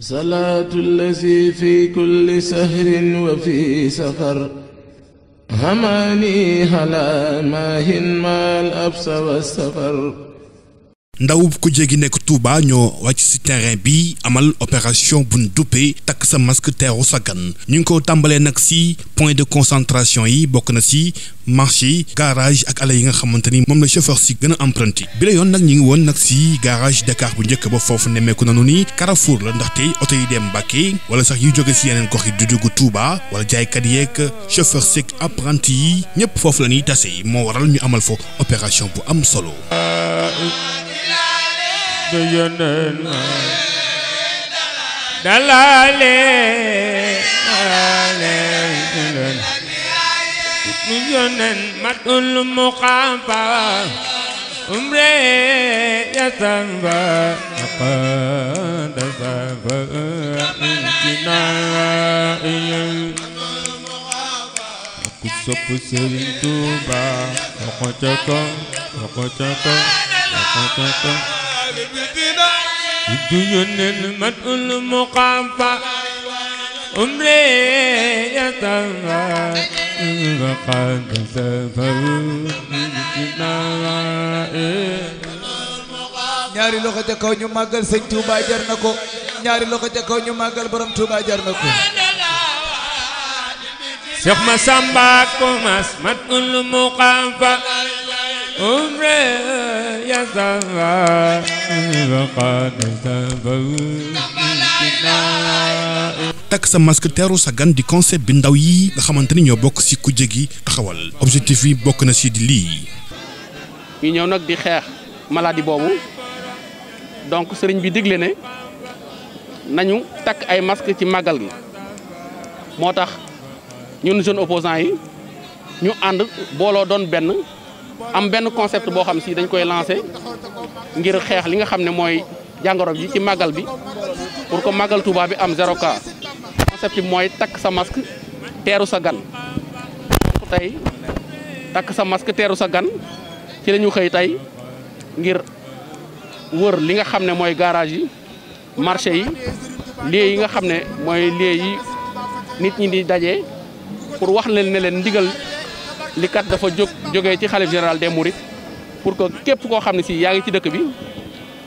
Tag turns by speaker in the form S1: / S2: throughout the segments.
S1: salaatu allazi fi kulli sahrin wa fi safar hamaani hala maahin maal absa wa
S2: safar ndaw ku jégi nekk Touba ñoo wàcc ci terrain bi amal opération buñ duppee takk sa masque teeru sa ñu ngi ko tàmbalee nag ci point de concentration yi bokk na ci marché garage ak ala yi nga xamante ni moom la chauffeur ci gën a emprunté bi la yoon nag ñu ngi woon nag ci garage Dakar bu njëkk ba foofu nemmeeku nanu ni Carrefour la ndaxte oto yi dem Mbàkke wala sax yu jóge ci yeneen gox yi du dugg Touba wala jaaykat yeeg chauffeur sec apprenti yi ñëpp foofu la ñuy tase moo waral ñu amal fo opération bu am solo euh, sant yoneen ma dalale dalale
S3: nu yoneen matul muqam fa umre ya samba aqada samba
S2: intina iyal ku sopp Sëriñ Tuuba waxataka waxataka
S3: waxataka ديون المدء المقافى عمري يتوى وقد سافروا ñaari loxo ca kaw ñu màggal sëñ Touba jar na ko ñaari loxo ca kaw ñu màggal borom Touba jar na ko Cheikh Massamba ko mas mat ul muqafa عمري
S2: takk sa masque teeru sa gan di concept bi ndaw yi nga xamante ni ñoo bokk ci kujje gi taxawal objectif yi bokk na sii di lii.
S1: ñu ñëw nag di xeex maladie boobu donc sëriñ bi digle ne nañu takk ay masque ci màggal gi moo tax ñun jeune opposant yi ñu ànd booloo doon benn. am benn concept boo xam si dañ koy lancé ngir xeex li nga xam ne mooy jàngoro ji ci màggal bi pour ko màggal Touba bi am zéro cas concept bi mooy takk sa masque teeru sa gan tey takk sa masque teeru sa ci lañu ñu xëy tey ngir wër li nga xam ne mooy garage yi marché yi lieu yi nga xam ne mooy lieu yi nit ñi di daje pour wax leen ne leen ndigal li kat dafa jóg jógee ci xalif général des mourides pour que képp koo xam ne si yaa ngi ci dëkk bi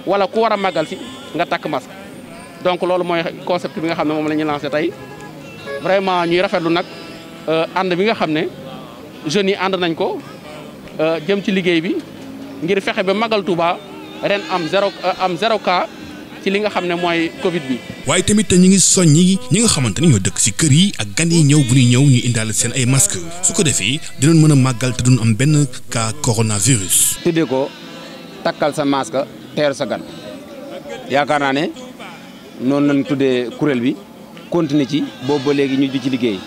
S1: wala ku war a màggal si nga takk masque donc loolu mooy concept bi nga xam ne moom la ñuy lancé tey vraiment ñuy rafetlu nag euh, ànd bi nga xam ne jeunes yi ànd nañ ko euh, jëm ci liggéey bi ngir fexe ba magal Touba ren am zéro euh, am zéro cas ci li nga xam ne mooy Covid bi.
S2: waaye tamit ñu ngi soññi ñi nga xamante ni ñoo dëkk ci kër yi ak gan yi ñëw bu ñuy ñëw ñu indaale seen ay masque su ko defee dinañ mën a màggal te duñ am benn cas coronavirus.
S3: tuddee ko takkal sa masque teeru sa gan yaakaar naa ne noonu lañ tuddee kuréel bi continuer ci boobu ba léegi ñu di ci liggéey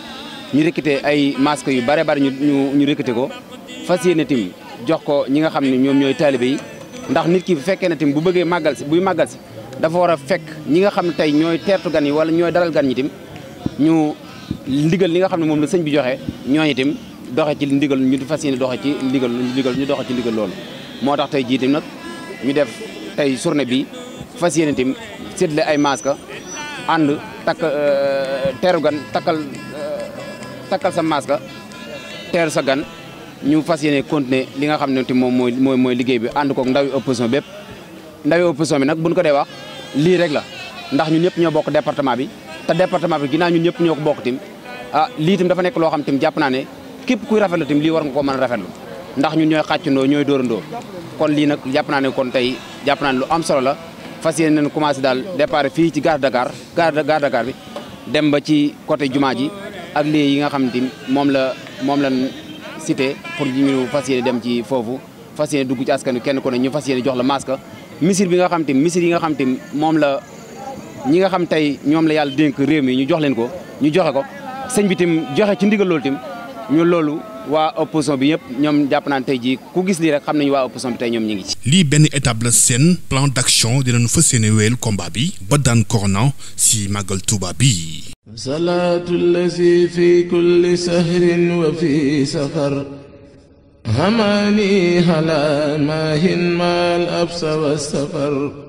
S3: ñu recruter ay masques yu bare bare ñu ñu ñu ko fas yéene tim jox ko ñi nga xam ne ñoom ñooy taalibe yi ndax nit ki bu fekkee ne tim bu bëggee màggal si buy màggal si. dafa war a fekk ñi nga xam ne tey ñooy teertu gan yi wala ñooy dalal gan ñi tim ñu ndigal li nga xam ne moom la sëñ bi joxe ñooñu itam doxe ci ndigal ñu fas yéene doxe ci ndigal ñu doxe ci ndigal loolu moo tax tey jii tim nag ñu def tey journée bi fas yéene tim séddale ay maska ànd takk euh, teeru gan takkal euh, takkal sa masque teeru sa gan ñu fas yéene continuer li nga xam ne tim moom mooy mooy liggéey bi ànd kook ndawi opposition bépp ndawi opposition bi nag buñ ko dee wax lii rek la ndax ñun ñëpp ñoo bokk département bi te département bi ginnaaw ñun ñëpp ñoo ko bokk tim ah lii tim dafa nekk loo xam tim jàpp naa ne képp kuy rafetlu tim lii war nga ko mën a rafetlu ndax ñun ñooy xàccandoo ñooy dóorandoo kon lii nag jàpp naa ne kon tey jàpp naa lu am solo la fas yéene nañ commencé daal départ fii ci gare Dakar gare gare Dakar bi dem ba ci côté jumaa ji ak lii yi nga xam tim moom la moom la cité pour ñu fas yéene dem ci foofu fas yéene dugg ci askanu kenn ku ne ñu fas jox la masque misir bi nga xam te misir yi nga xam te moom la ñi nga xam tey ñoom la yàlla dénk réew mi ñu jox leen ko ñu joxe ko sëñ bi tim joxe ci ndigal loolu tim ñu loolu waa opposition bi yëpp ñoom jàpp naan tey ji ku gis lii rek xam nañu waa opposition bi tey ñoom ñu ngi ci.
S2: lii benn étape la seen plan d'action dinañu fas yéene wéyal combat bi ba daan corona si màggal Tuuba bi
S1: salaatu lazi fi kulli sahrin wa fi safar هماني هلا ما هن ما الأبس والسفر